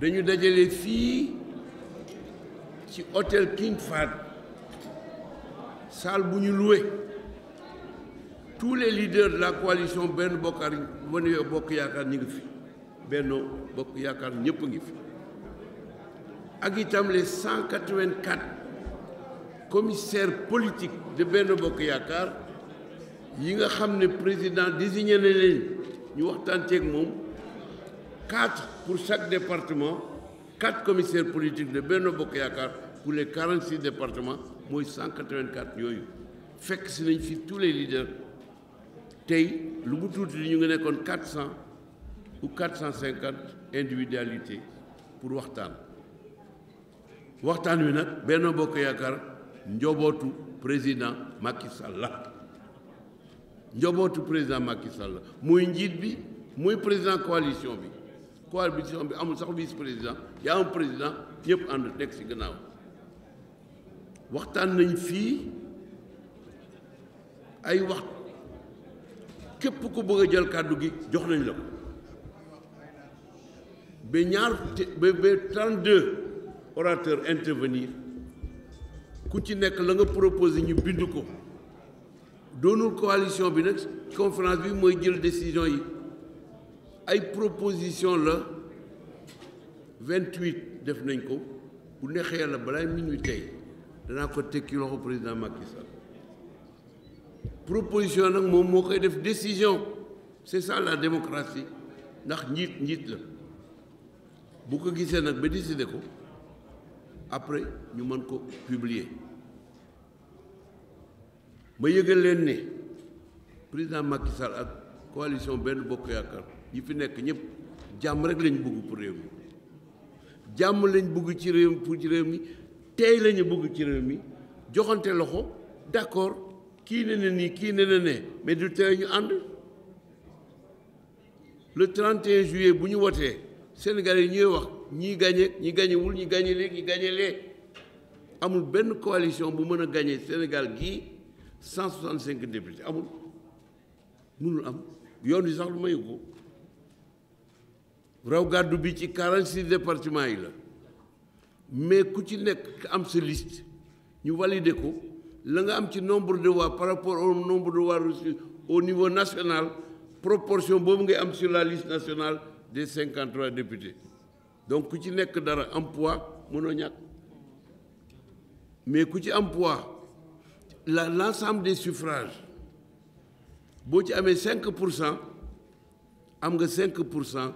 dañu dajale fii ci hôtel King Fahd salle bu ñu loué tous les leaders de la coalition benn bokkaar Benno Bokk Yaakaar ñu ngi fi benn Bokk Yaakaar ñëpp ngi fi ak itam les 184 commissaires politiques de benn Bokk Yaakaar yi nga xam ne président désigné na leen ñu waxtaan ceeg moom 4 pour chaque département 4 commissaires politiques de Benno Bokk Yaakaar pour les 46 départements mooy 184 yooyu fekk si nañ fi tous les leaders tey lu bu tuuti li ñu ngi nekkoon 400 ou 450 individualités pour waxtaan waxtaan wi nag Benno Bokk Yaakaar njobootu président Macky Sall la njobootu président Macky la muy njiit bi mooy président coalition bi coalition bi amul sax vice président y a un président ñëpp ànd nekk ci gannaaw waxtaan nañ fii ay wax képp ku bëgg a jël kàddu gi jox nañ la ko ba ñaar ba ba 32 orateurs intervenir ku ci nekk la nga proposé ñu bind ko doonul coalition bi nag conférence bi mooy jël décision yi ay proposition la 28 def nañ ko bu neexee yàlla balaa minuit tey danaa ko tekki loxo président Macky proposition nag moom moo koy def décision c'est ça la démocratie ndax njiit njiit la bu ko gisee nag ba décider ko après ñu mën ko publier ma yëgal leen ne président Macky Sall ak coalition benn bokk yaakaar yi fi nekk ñëpp jàmm rek lañ bugg pour réew mi jàmm lañ bëgg ci réew pour ci mi tey lañu bëgg ci réew mi joxante loxo d'accord kii ne ne nii kii ne ne ne mais du tey ñu ànd le 31 juillet bu ñu wotee sénégal yi ñuy wax ñii gagné ñi gagnéwul ñi gagné léegi ñi gagné amul benn coalition bu mën a gagné Sénégal gii cent 165 députés amul mënul am yoon wi sax lu mayu ko raw gàddu bi ci quarante six département yi la mais ku ci nekk am sa liste ñu valider ko la nga am ci nombre de voix par rapport au nombre de voix reçues au niveau national proportion boobu ngay am sur la liste nationale des cinquante trois députés donc ku ci nekk dara am poids mënoo ñàkk mais ku ci am poids la l' ensemble des suffrages boo ci amee cinq pour cent am nga cinq pour cent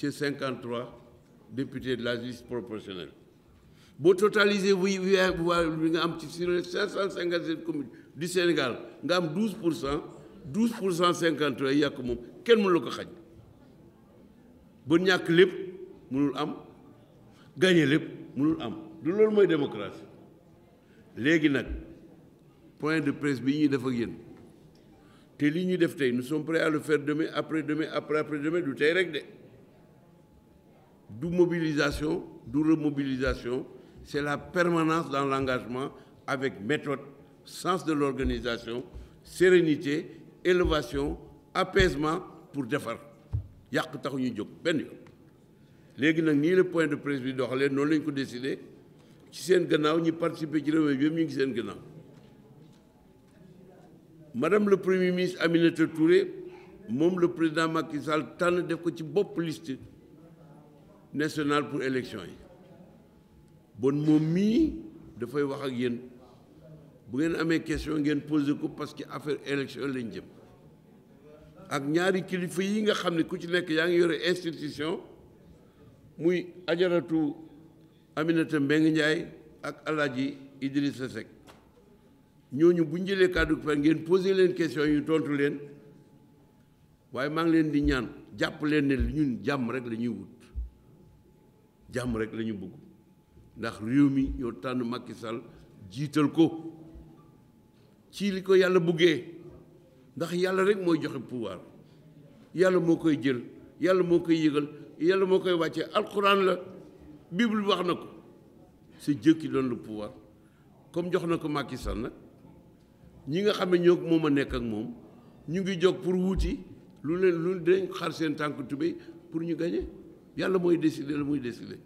c'est 53 députés de la liste proportionnelle boo totalisé bu bu nga am ci sur les 557 communes du Sénégal nga am 12 pour cent 12 pour cent 53 yàq moom kenn mënu la ko xaj ba ñàkk lépp mënul am gagné lépp mënul am du loolu mooy démocratie léegi nag point de presse bi ñuy def ak yéen te li ñuy def tey nous sommes prêts à le faire demain après demain après après demain du tey rek de. du mobilisation du remobilisation c'est la permanence dans l'engagement avec méthode sens de l'organisation sérénité élévation apaisement pour defar yàq taxu ñu jóg benn yoon léegi nag nii la point de presse bi doxalee noonu lañ ko décidé ci seen gannaaw ñi participer ci réunion bi yëpp ñu ngi seen gannaaw madame le premier ministre Aminata Touré moom le président Macky Sall tànn def ko ci bopp liste nationale pour élection yi bon moom mii dafay wax ak yéen bu ngeen amee question ngeen posé ko parce que affaire élection lañ jëm ak ñaari kilifa yi nga xam ne ku ci nekk yaa ngi yore institution muy ajaratu Aminata Mbengue njaay ak Alaaji Idrissa Seck ñooñu bu ñu jëlee kàddu fa ngeen posé leen question yu tontu leen waaye maa ngi leen di ñaan jàpp leen ne ñun jàmm rek la ñuy wut jàmm rek lañu ñu bëgg ndax réew mi ñoo tànn Macky Sall jiital ko ci li ko yàlla buggee ndax yàlla rek mooy joxe pouvoir yàlla moo koy jël yàlla moo koy yëgal yàlla moo koy wàccee alxuraan la bible wax na ko c'est jëkki qui donne le comme jox na ko Macky Sall nag ñi nga xam ne ñoo moom a nekk ak moom ñu ngi jóg pour wuuti lu leen lu leen xar seen tànk tubéy pour ñu gañe yàlla mooy décider la muy décider.